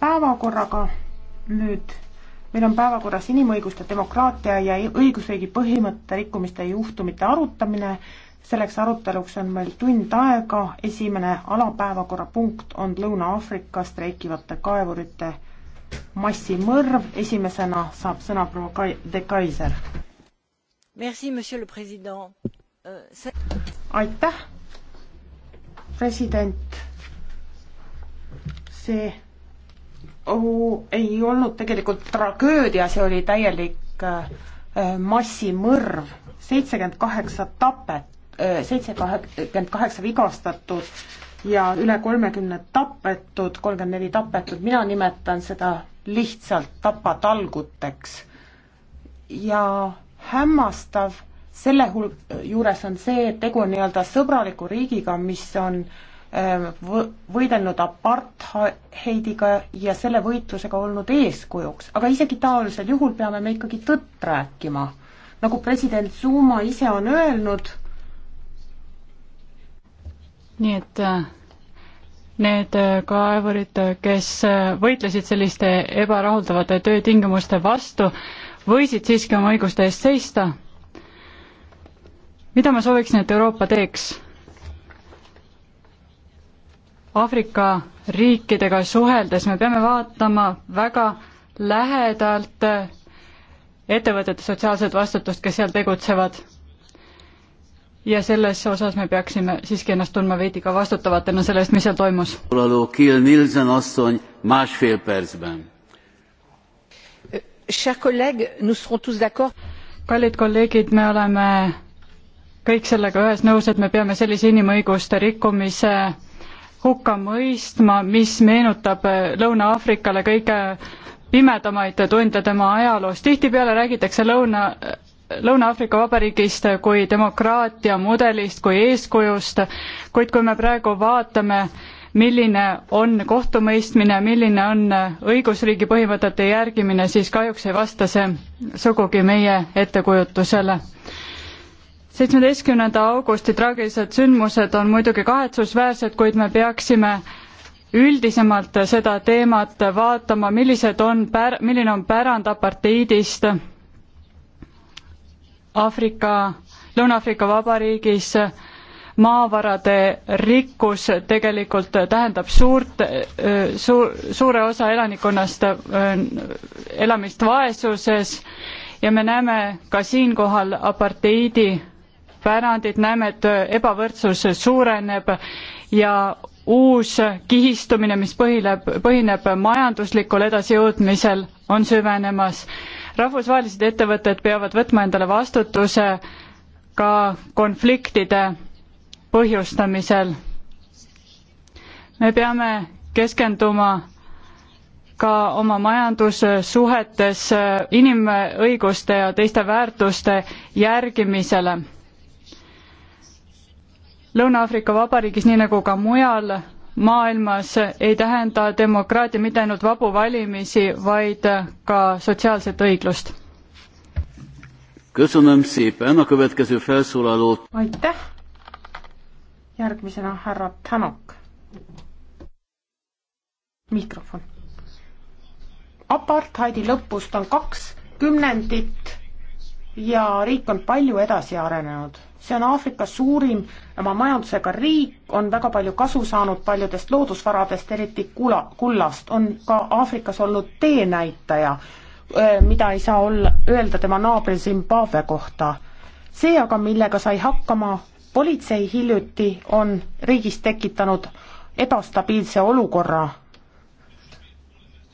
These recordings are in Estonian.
päevakorraga nüüd. meil on päevakorras inimõiguste, demokraatia ja õigusriigi põhimõtte rikkumiste juhtumite arutamine. selleks aruteluks on meil tund aega, esimene alapäevakorrapunkt on Lõuna-Aafrika streikivate kaevurite massimõrv, esimesena saab sõna proua Kai-, de Kaiser. Euh, aitäh, president. see ei olnud tegelikult tragöödia, see oli täielik äh, massimõrv, seitsekümmend kaheksa tapet, äh, seitsekümmend kaheksa vigastatud ja üle kolmekümne tapetud, kolmkümmend neli tapetud, mina nimetan seda lihtsalt tapatalguteks. ja hämmastav selle hul-, juures on see, et tegu on nii-öelda sõbraliku riigiga, mis on äh, Ähm, võidelnud apartheidiga ja selle võitlusega olnud eeskujuks, aga isegi taolisel juhul peame me ikkagi tõtt rääkima. nagu president Zuma ise on öelnud, nii et äh, need äh, kaevurid, äh, kes võitlesid selliste ebarahuldavate töötingimuste vastu, võisid siiski oma õiguste eest seista. mida ma sooviksin, et Euroopa teeks? Aafrika riikidega suheldes me peame vaatama väga lähedalt ettevõtete sotsiaalset vastutust, kes seal tegutsevad. ja selles osas me peaksime siiski ennast tundma veidi ka vastutavatena selle eest, mis seal toimus. kallid kolleegid, me oleme kõik sellega ühes nõus, et me peame sellise inimõiguste rikkumise hukka mõistma, mis meenutab Lõuna-Aafrikale kõige pimedamaid tunde tema ajaloos. tihtipeale räägitakse Lõuna, Lõuna-Aafrika Vabariigist kui demokraatia mudelist, kui eeskujust, kuid kui me praegu vaatame, milline on kohtumõistmine, milline on õigusriigi põhimõtete järgimine, siis kahjuks ei vasta see sugugi meie ettekujutusele seitsmeteistkümnenda augusti traagilised sündmused on muidugi kahetsusväärsed, kuid me peaksime üldisemalt seda teemat vaatama, millised on pär-, milline on pärand aparteidist Aafrika, Lõuna-Aafrika Vabariigis, maavarade rikkus tegelikult tähendab suurt, suur, suure osa elanikkonnast elamist vaesuses ja me näeme ka siinkohal aparteidi pärandit, näeme, et ebavõrdsus suureneb ja uus kihistumine, mis põhileb, põhineb majanduslikul edasijõudmisel, on süvenemas. rahvusvahelised ettevõtted peavad võtma endale vastutuse ka konfliktide põhjustamisel. me peame keskenduma ka oma majandussuhetes inimõiguste ja teiste väärtuste järgimisele Lõuna-Aafrika Vabariigis, nii nagu ka mujal maailmas, ei tähenda demokraatia mitte ainult vabu valimisi, vaid ka sotsiaalset õiglust. aitäh! järgmisena härra Tanok. mikrofon. apartheidi lõpust on kaks kümnendit ja riik on palju edasi arenenud see on Aafrika suurim oma majandusega riik, on väga palju kasu saanud paljudest loodusvaradest, eriti kula, kullast, on ka Aafrikas olnud teenäitaja, mida ei saa olla, öelda tema naabri Zimbabwe kohta. see aga, millega sai hakkama politsei hiljuti, on riigis tekitanud ebastabiilse olukorra.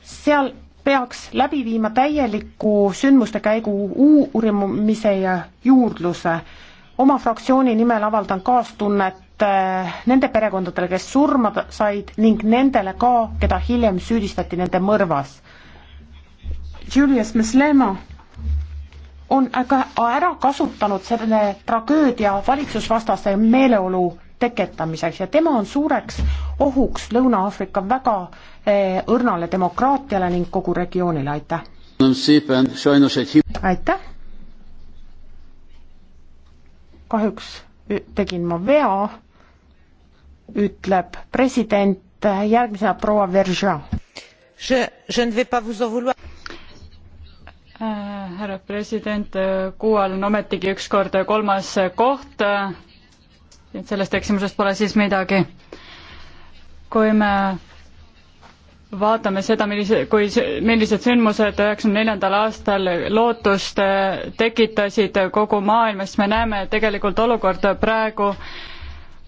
seal peaks läbi viima täieliku sündmuste käigu uurimise ja juurdluse oma fraktsiooni nimel avaldan kaastunnet äh, nende perekondadele, kes surma said ning nendele ka, keda hiljem süüdistati nende mõrvas. Julius Meslema on aga ära kasutanud selle tragöödia valitsusvastase meeleolu tekitamiseks ja tema on suureks ohuks Lõuna-Aafrika väga äh, õrnale demokraatiale ning kogu regioonile, aitäh! aitäh! kahjuks tegin ma vea, ütleb president, järgmisena proua Verža. Äh, härra president, Kuual on ometigi üks kord kolmas koht, et sellest eksimusest pole siis midagi. kui me vaatame seda, millise, kui, millised sündmused üheksakümne neljandal aastal lootust äh, tekitasid kogu maailmas, me näeme, et tegelikult olukord praegu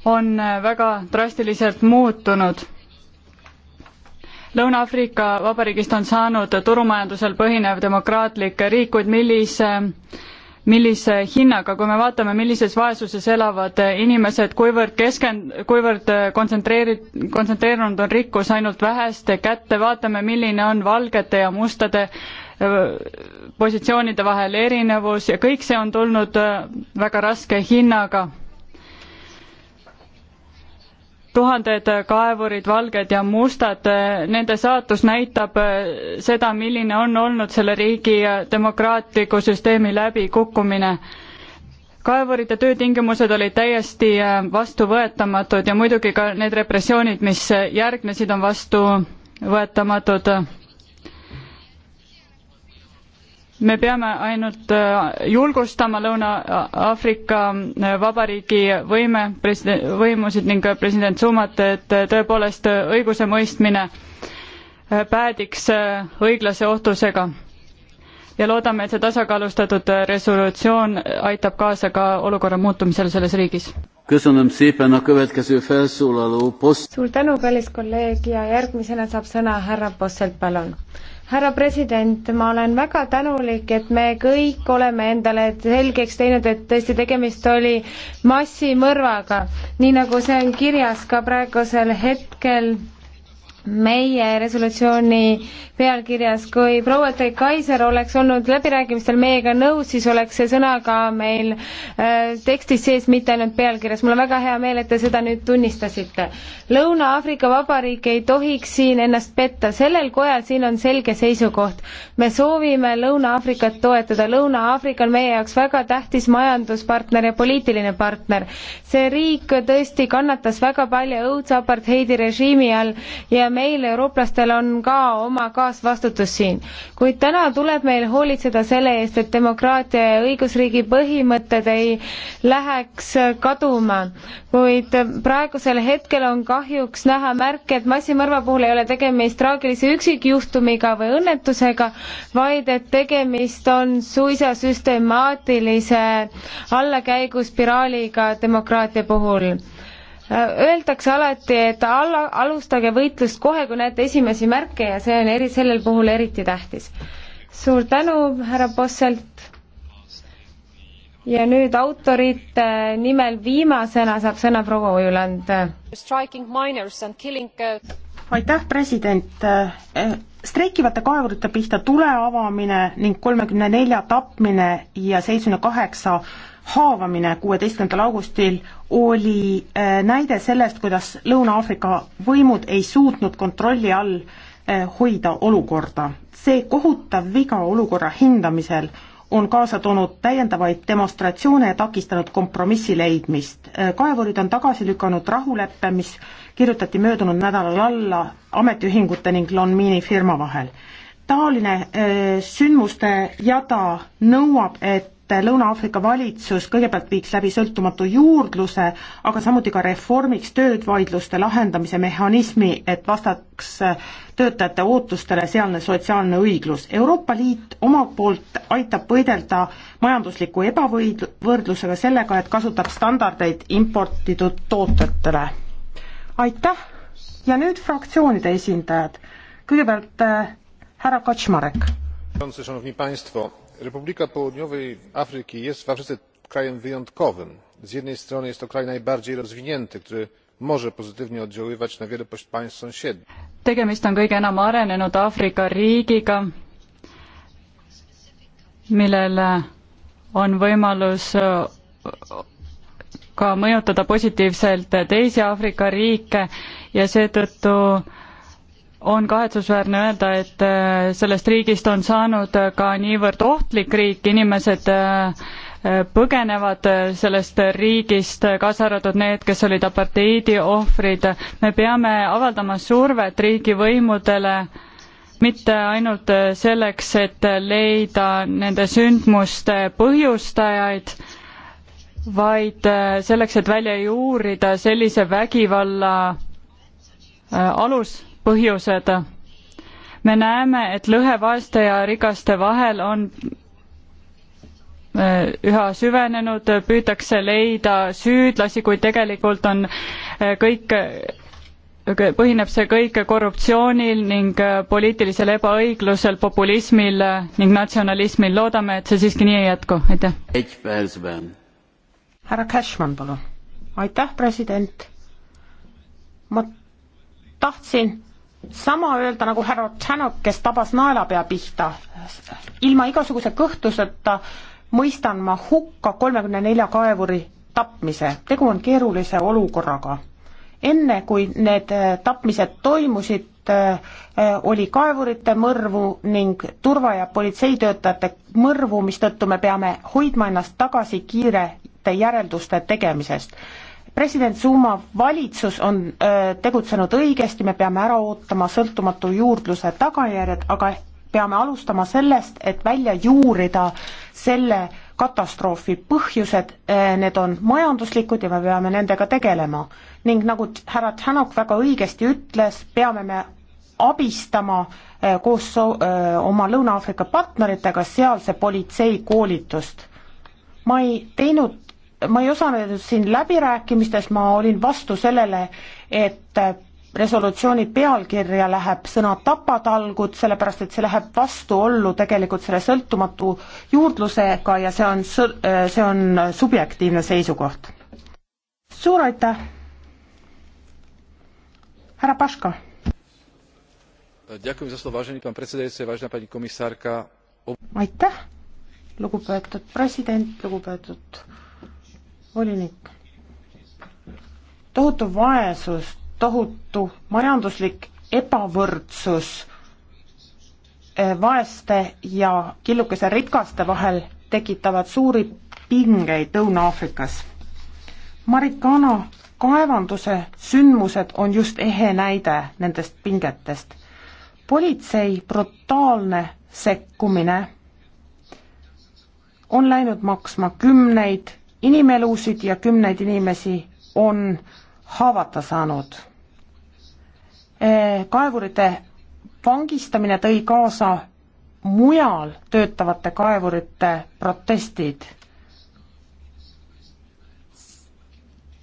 on äh, väga drastiliselt muutunud. Lõuna-Aafrika Vabariigist on saanud turumajandusel põhinev demokraatlik riik, kuid millise millise hinnaga, kui me vaatame, millises vaesuses elavad inimesed, kuivõrd keskend-, kuivõrd kontsentreeri-, kontsentreerunud on rikkus ainult väheste kätte, vaatame, milline on valgete ja mustade positsioonide vahel erinevus ja kõik see on tulnud väga raske hinnaga tuhanded kaevurid, valged ja mustad, nende saatus näitab äh, seda, milline on olnud selle riigi äh, demokraatliku süsteemi läbikukkumine. kaevurite töötingimused olid täiesti äh, vastuvõetamatud ja muidugi ka need repressioonid, mis järgnesid, on vastuvõetamatud me peame ainult äh, julgustama Lõuna-Aafrika äh, Vabariigi võime, president, võimusid ning president Zumat, et äh, tõepoolest õigusemõistmine päädiks õiglase ohtusega. ja loodame, et see tasakaalustatud resolutsioon aitab kaasa ka olukorra muutumisele selles riigis. Köszönöm szépen a következő felszólaló poszt. Suur tänu, kallis kolleeg ja järgmisena saab sõna härra Posselt, palun. härra president, ma olen väga tänulik, et me kõik oleme endale selgeks teinud, et tõesti tegemist oli massimõrvaga, nii nagu see on kirjas ka praegusel hetkel meie resolutsiooni pealkirjas, kui proua de Kaiser oleks olnud läbirääkimistel meiega nõus, siis oleks see sõna ka meil äh, tekstis sees, mitte ainult pealkirjas. mul on väga hea meel, et te seda nüüd tunnistasite. Lõuna-Aafrika Vabariik ei tohiks siin ennast petta, sellel kojal siin on selge seisukoht. me soovime Lõuna-Aafrikat toetada, Lõuna-Aafrika on meie jaoks väga tähtis majanduspartner ja poliitiline partner. see riik tõesti kannatas väga palju õudse apartheidirežiimi all ja meil, eurooplastel, on ka oma kaasvastutus siin. kuid täna tuleb meil hoolitseda selle eest, et demokraatia ja õigusriigi põhimõtted ei läheks kaduma. kuid praegusel hetkel on kahjuks näha märke, et massimõrva puhul ei ole tegemist traagilise üksikjuhtumiga või õnnetusega, vaid et tegemist on suisa süstemaatilise allakäiguspiraaliga demokraatia puhul Öeldakse alati, et alla, alustage võitlust kohe, kui näete esimesi märke ja see on eri, sellel puhul eriti tähtis. suur tänu, härra Posselt! ja nüüd autorite nimel viimasena saab sõna proua Ujuland. Uh, aitäh, president! Eh, streikivate kaevurite pihta tule avamine ning kolmekümne nelja tapmine ja seitsmekümne kaheksa haavamine kuueteistkümnendal augustil oli äh, näide sellest, kuidas Lõuna-Aafrika võimud ei suutnud kontrolli all äh, hoida olukorda. see kohutav viga olukorra hindamisel on kaasa toonud täiendavaid demonstratsioone ja takistanud kompromissi leidmist. Äh, kaevurid on tagasi lükanud rahuleppe, mis kirjutati möödunud nädalal alla ametiühingute ning Lonmini firma vahel. taoline sündmuste jada nõuab, et Lõuna-Aafrika valitsus kõigepealt viiks läbi sõltumatu juurdluse, aga samuti ka reformiks töövaidluste lahendamise mehhanismi, et vastaks töötajate ootustele sealne sotsiaalne õiglus. Euroopa Liit omalt poolt aitab võidelda majandusliku ebavõrdlusega sellega, et kasutab standardeid importitud tootjatele. aitäh ja nüüd fraktsioonide esindajad. kõigepealt äh, härra Kaczmarek. Szanowni Państwo, republika południowej afryki jest w afryce krajem wyjątkowym. z jednej strony jest to kraj najbardziej rozwinięty który może pozytywnie oddziaływać na wiele państw sąsiednich. tegemist on kõige enam arenenud aafrika riigiga millel on võimalus äh, ka mõjutada positiivselt teisi aafrika riike ja seetõttu on kahetsusväärne öelda, et äh, sellest riigist on saanud äh, ka niivõrd ohtlik riik, inimesed äh, põgenevad sellest riigist, kaasa arvatud need, kes olid aparteidi ohvrid. me peame avaldama survet riigivõimudele, mitte ainult selleks, et leida nende sündmuste põhjustajaid, vaid selleks, et välja juurida sellise vägivalla alus põhjused. me näeme, et lõhe vaeste ja rikaste vahel on äh, üha süvenenud, püütakse leida süüdlasi, kuid tegelikult on äh, kõik, äh, põhineb see kõik korruptsioonil ning poliitilisel ebaõiglusel, populismil ning natsionalismil. loodame, et see siiski nii ei jätku, aitäh. härra Cashman, palun. aitäh, president. ma tahtsin sama öelda nagu härra Tšanok, kes tabas naelapea pihta. ilma igasuguse kõhtluseta mõistan ma hukka kolmekümne nelja kaevuri tapmise, tegu on keerulise olukorraga. enne, kui need eh, tapmised toimusid, eh, oli kaevurite mõrvu ning turva- ja politseitöötajate mõrvu, mistõttu me peame hoidma ennast tagasi kiirete järelduste tegemisest president Zuma valitsus on öö, tegutsenud õigesti, me peame ära ootama sõltumatu juurdluse tagajärjed, aga peame alustama sellest, et välja juurida selle katastroofi põhjused, need on majanduslikud ja me peame nendega tegelema. ning nagu härra Tšanok väga õigesti ütles, peame me abistama koos so oma Lõuna-Aafrika partneritega sealse politsei koolitust. ma ei teinud ma ei osalenud siin läbirääkimistes, ma olin vastu sellele, et resolutsiooni pealkirja läheb sõna tapatalgud, sellepärast et see läheb vastuollu tegelikult selle sõltumatu juurdlusega ja see on, see on subjektiivne seisukoht. suur aitäh! härra Paška. aitäh, lugupeetud president, lugupeetud volinik. tohutu vaesus, tohutu majanduslik ebavõrdsus eh, vaeste ja killukese rikaste vahel tekitavad suuri pingeid Lõuna-Aafrikas. Marikana kaevanduse sündmused on just ehe näide nendest pingetest. politsei brutaalne sekkumine on läinud maksma kümneid inimelusid ja kümneid inimesi on haavata saanud. Eh, kaevurite vangistamine tõi kaasa mujal töötavate kaevurite protestid.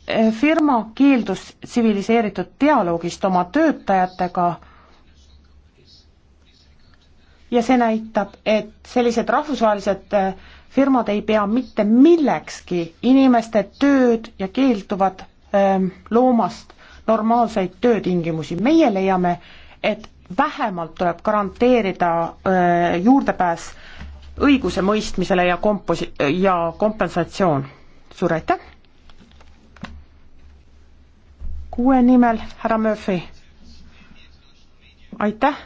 Eh, firma keeldus tsiviliseeritud dialoogist oma töötajatega ja see näitab, et sellised rahvusvahelised eh, firmad ei pea mitte millekski inimeste tööd ja keelduvad öö, ähm, loomast normaalseid töötingimusi. meie leiame, et vähemalt tuleb garanteerida öö, äh, juurdepääs õigusemõistmisele ja komposi-, ja kompensatsioon. suur aitäh! kuue nimel härra Murphy. aitäh!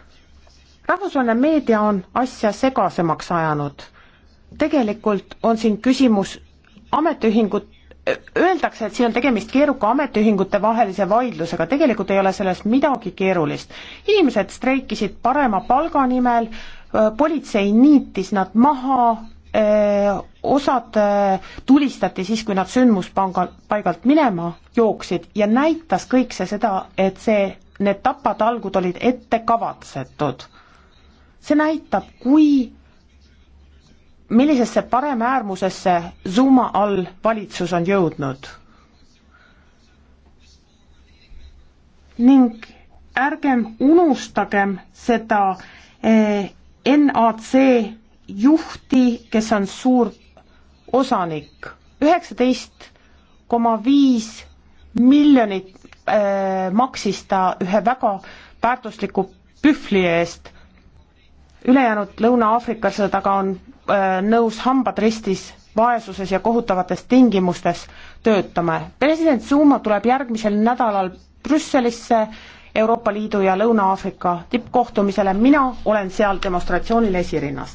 rahvusvaheline meedia on asja segasemaks ajanud tegelikult on siin küsimus ametiühingut, öeldakse, et siin on tegemist keeruka ametiühingute vahelise vaidlusega, tegelikult ei ole selles midagi keerulist. inimesed streikisid parema palga nimel, politsei niitis nad maha, osad tulistati siis, kui nad sündmuspanga, paigalt minema jooksid ja näitas kõik see seda, et see, need tapatalgud olid ettekavatsetud. see näitab, kui millisesse paremäärmusesse Zuma all valitsus on jõudnud. ning ärgem unustagem seda eh, NAC juhti, kes on suur osanik, üheksateist koma viis miljonit äh, maksis ta ühe väga väärtusliku pühvli eest, ülejäänud Lõuna-Aafriklased aga on Äh, nõus hambad ristis vaesuses ja kohutavates tingimustes töötama. president Zuma tuleb järgmisel nädalal Brüsselisse Euroopa Liidu ja Lõuna-Aafrika tippkohtumisele, mina olen seal demonstratsioonil esirinnas.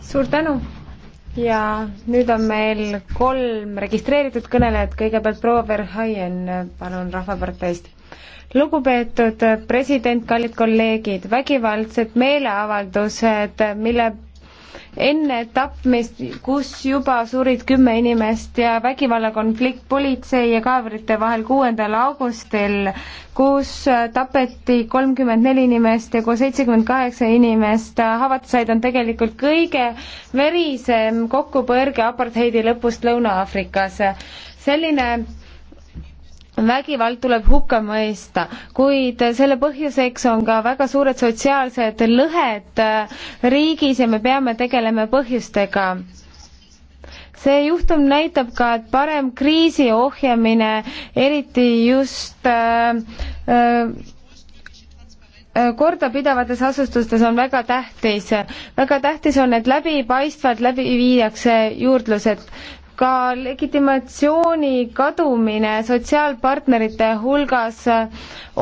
suur tänu ja nüüd on meil kolm registreeritud kõnelejat, kõigepealt proua Verhaien, palun Rahvaparteist lugupeetud president, kallid kolleegid, vägivaldsed meeleavaldused, mille enne tapmist, kus juba surid kümme inimest ja vägivallakonflikt politsei ja kaavrite vahel kuuendal augustil, kus tapeti kolmkümmend neli inimest ja koos seitsekümmend kaheksa inimest haavata said, on tegelikult kõige verisem kokkupõrge apartheidi lõpust Lõuna-Aafrikas. selline vägivald tuleb hukka mõista, kuid selle põhjuseks on ka väga suured sotsiaalsed lõhed äh, riigis ja me peame tegelema põhjustega see juhtum näitab ka, et parem kriisi ohjamine, eriti just äh, äh, kordapidavates asustustes on väga tähtis. väga tähtis on, et läbipaistvalt läbi viiakse juurdlused ka legitimatsiooni kadumine sotsiaalpartnerite hulgas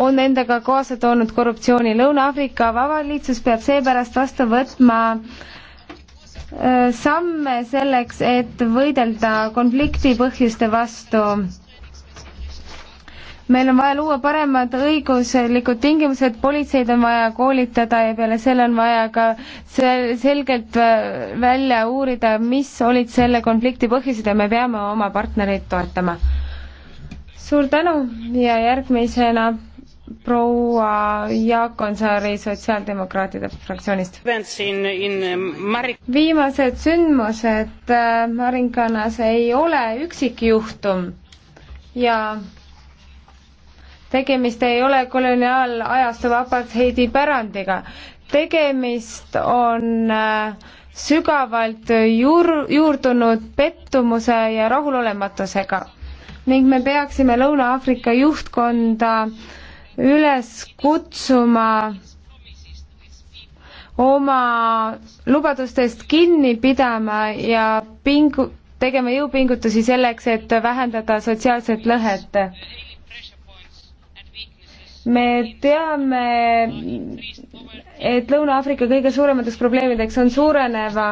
on endaga kaasa toonud korruptsiooni. Lõuna-Aafrika Vabaliitsus peab seepärast vastu võtma äh, samme selleks, et võidelda konflikti põhjuste vastu meil on vaja luua paremad õiguslikud tingimused, politseid on vaja koolitada ja peale selle on vaja ka sel-, selgelt äh, välja uurida, mis olid selle konflikti põhjused ja me peame oma partnereid toetama. suur tänu ja järgmisena proua Jaak Onsaari Sotsiaaldemokraatide fraktsioonist. viimased sündmused äh, Maringanas ei ole üksikjuhtum ja tegemist ei ole koloniaalajastu apartheidi pärandiga. tegemist on äh, sügavalt juur-, juurdunud pettumuse ja rahulolematusega ning me peaksime Lõuna-Aafrika juhtkonda üles kutsuma oma lubadustest kinni pidama ja pingu-, tegema jõupingutusi selleks, et vähendada sotsiaalset lõhet me teame, et Lõuna-Aafrika kõige suuremateks probleemideks on suureneva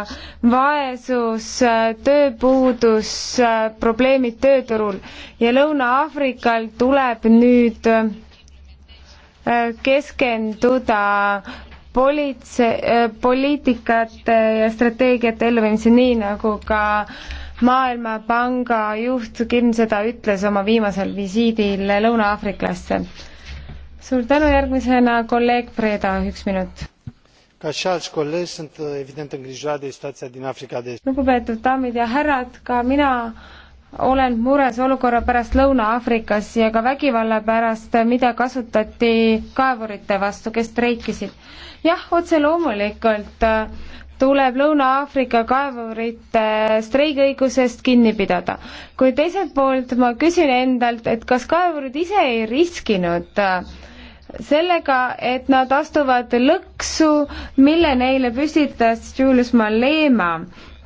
vaesus, tööpuudus, probleemid tööturul ja Lõuna-Aafrikal tuleb nüüd äh, keskenduda politse-, äh, poliitikate ja strateegiate elluviimise, nii nagu ka Maailmapanga juht Kim seda ütles oma viimasel visiidil Lõuna-Aafriklasse suur tänu, järgmisena kolleeg Preda, üks minut. ca și alți colegi sunt uh, evident îngrijorat de situația din Africa de Est. lugupeetud daamid ja härrad, ka mina olen mures olukorra pärast Lõuna-Aafrikas ja ka vägivalla pärast, mida kasutati kaevurite vastu, kes streikisid. jah, otse loomulikult äh, tuleb Lõuna-Aafrika kaevurite streigiõigusest kinni pidada. kuid teiselt poolt ma küsin endalt, et kas kaevurid ise ei riskinud äh, sellega, et nad astuvad lõksu, mille neile püstitas Julius Malema,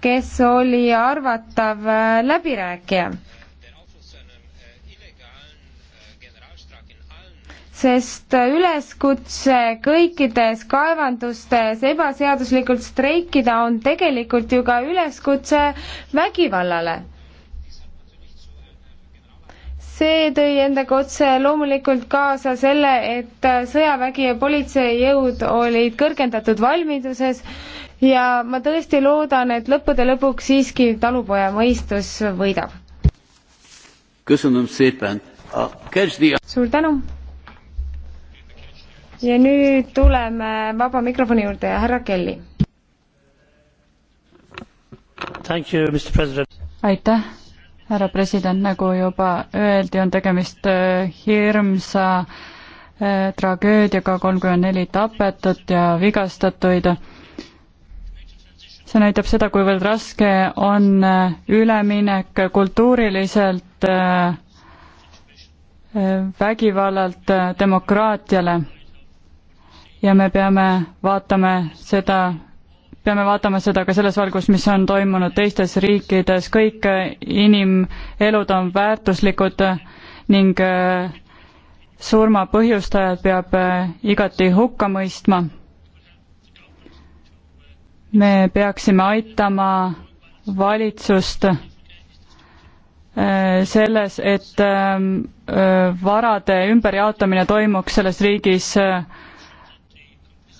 kes oli arvatav äh, läbirääkija. sest äh, üleskutse kõikides kaevandustes ebaseaduslikult streikida on tegelikult ju ka üleskutse vägivallale see tõi endaga otse loomulikult kaasa selle, et sõjavägi ja politseijõud olid kõrgendatud valmiduses ja ma tõesti loodan, et lõppude lõpuks siiski talupoja mõistus võidab. suur tänu! ja nüüd tuleme vaba mikrofoni juurde ja härra Kelly. aitäh! härra president, nagu juba öeldi, on tegemist äh, hirmsa äh, tragöödiaga, kolmkümmend neli tapetut ja vigastatuid. see näitab seda, kuivõrd raske on äh, üleminek kultuuriliselt vägivallalt demokraatiale ja me peame vaatama seda, peame vaatama seda ka selles valgus, mis on toimunud teistes riikides, kõik inimelud on väärtuslikud ning äh, surma põhjustajad peab äh, igati hukka mõistma. me peaksime aitama valitsust äh, selles, et varade ümberjaotamine toimuks selles riigis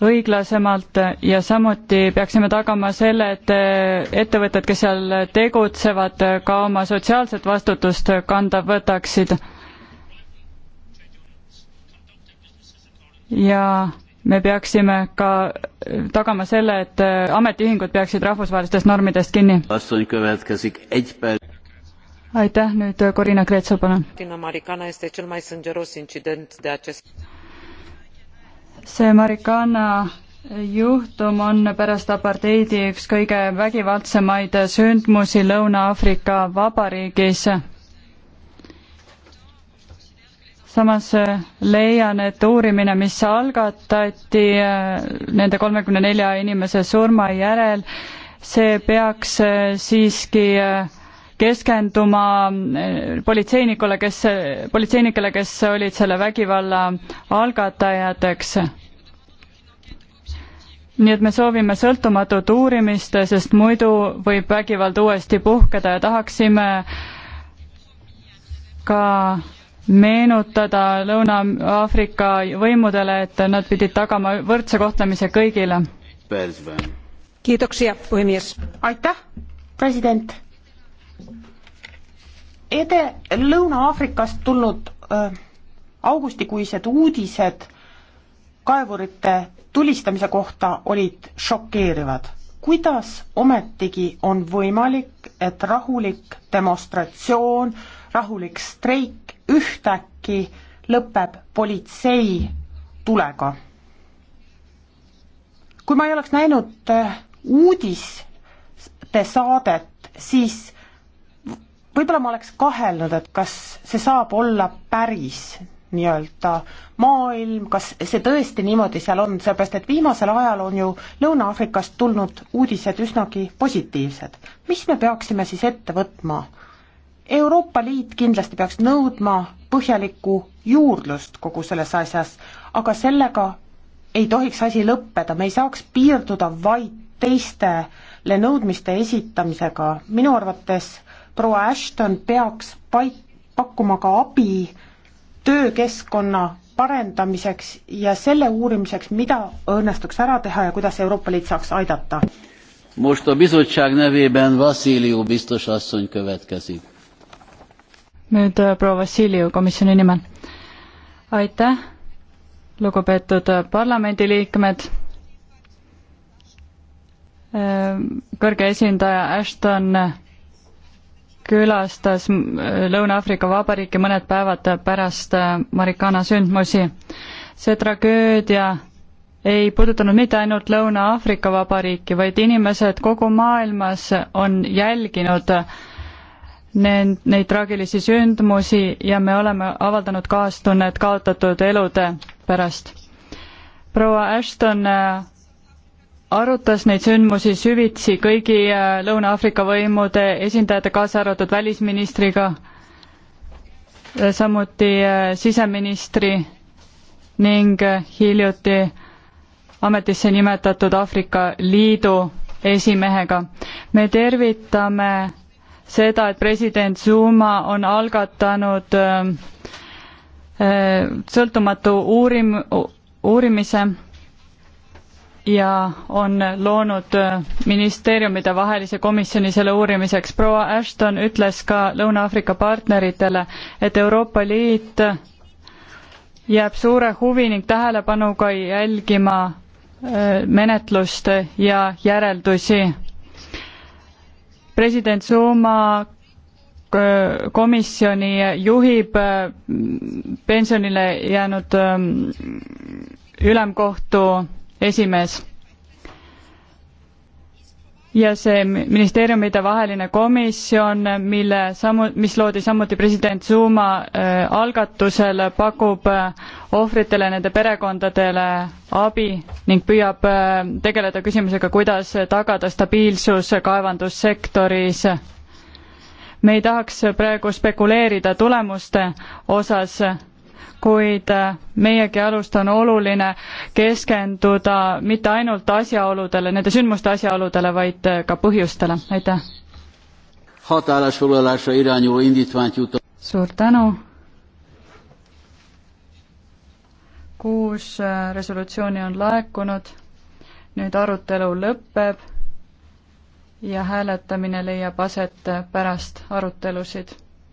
õiglasemalt ja samuti peaksime tagama selle, et ettevõtted, kes seal tegutsevad, ka oma sotsiaalset vastutust kanda võtaksid. ja me peaksime ka tagama selle, et ametiühingud peaksid rahvusvahelistest normidest kinni. aitäh, nüüd Corina Kretsu, palun see Marikana juhtum on pärast aparteidi üks kõige vägivaldsemaid sündmusi Lõuna-Aafrika Vabariigis. samas leian, et uurimine, mis algatati äh, nende kolmekümne nelja inimese surma järel, see peaks äh, siiski äh, keskenduma eh, politseinikule, kes, politseinikele, kes olid selle vägivalla algatajateks. nii et me soovime sõltumatut uurimist, sest muidu võib vägivald uuesti puhkeda ja tahaksime ka meenutada Lõuna-Aafrika võimudele, et nad pidid tagama võrdse kohtlemise kõigile. kiitoksia, puhemees. aitäh, president ede-, Lõuna-Aafrikast tulnud öö, augustikuised uudised kaevurite tulistamise kohta olid šokeerivad. kuidas ometigi on võimalik, et rahulik demonstratsioon, rahulik streik ühtäkki lõpeb politsei tulega? kui ma ei oleks näinud uudiste saadet, siis võib-olla ma oleks kahelnud, et kas see saab olla päris nii-öelda maailm, kas see tõesti niimoodi seal on, sellepärast et viimasel ajal on ju Lõuna-Aafrikast tulnud uudised üsnagi positiivsed. mis me peaksime siis ette võtma? Euroopa Liit kindlasti peaks nõudma põhjalikku juurdlust kogu selles asjas, aga sellega ei tohiks asi lõppeda, me ei saaks piirduda vaid teistele nõudmiste esitamisega, minu arvates proua Ashton peaks paik-, pakkuma ka abi töökeskkonna parendamiseks ja selle uurimiseks, mida õnnestuks ära teha ja kuidas Euroopa Liit saaks aidata. Most a bizottság nevében Vassiliu biztos asszony következik. Nüüd äh, proua Vassiliu komisjoni nimel. aitäh, lugupeetud äh, parlamendiliikmed, äh, kõrge esindaja Ashton külastas äh, Lõuna-Aafrika Vabariiki mõned päevad pärast äh, Marikana sündmusi. see tragöödia ei puudutanud mitte ainult Lõuna-Aafrika Vabariiki, vaid inimesed kogu maailmas on jälginud need, neid traagilisi sündmusi ja me oleme avaldanud kaastunnet kaotatud elude pärast. proua Ashton äh, arutas neid sündmusi süvitsi kõigi äh, Lõuna-Aafrika võimude esindajate, kaasa arvatud välisministriga, äh, samuti äh, siseministri ning hiljuti ametisse nimetatud Aafrika Liidu esimehega. me tervitame seda, et president Zuma on algatanud sõltumatu uurim-, uurimise ja on loonud äh, ministeeriumide vahelise komisjoni selle uurimiseks. proua Ashton ütles ka Lõuna-Aafrika partneritele, et Euroopa Liit jääb suure huvi ning tähelepanuga jälgima äh, menetlust ja järeldusi. president Zuma äh, komisjoni juhib pensionile jäänud ülemkohtu esimees. ja see ministeeriumide vaheline komisjon, mille samu, mis loodi samuti president Zuma äh, algatusel, pakub äh, ohvritele, nende perekondadele abi ning püüab äh, tegeleda küsimusega, kuidas tagada stabiilsus kaevandussektoris me ei tahaks praegu spekuleerida tulemuste osas kuid äh, meiegi arust on oluline keskenduda mitte ainult asjaoludele, nende sündmuste asjaoludele, vaid äh, ka põhjustele, aitäh. suur tänu. kuus äh, resolutsiooni on laekunud, nüüd arutelu lõpeb ja hääletamine leiab aset pärast arutelusid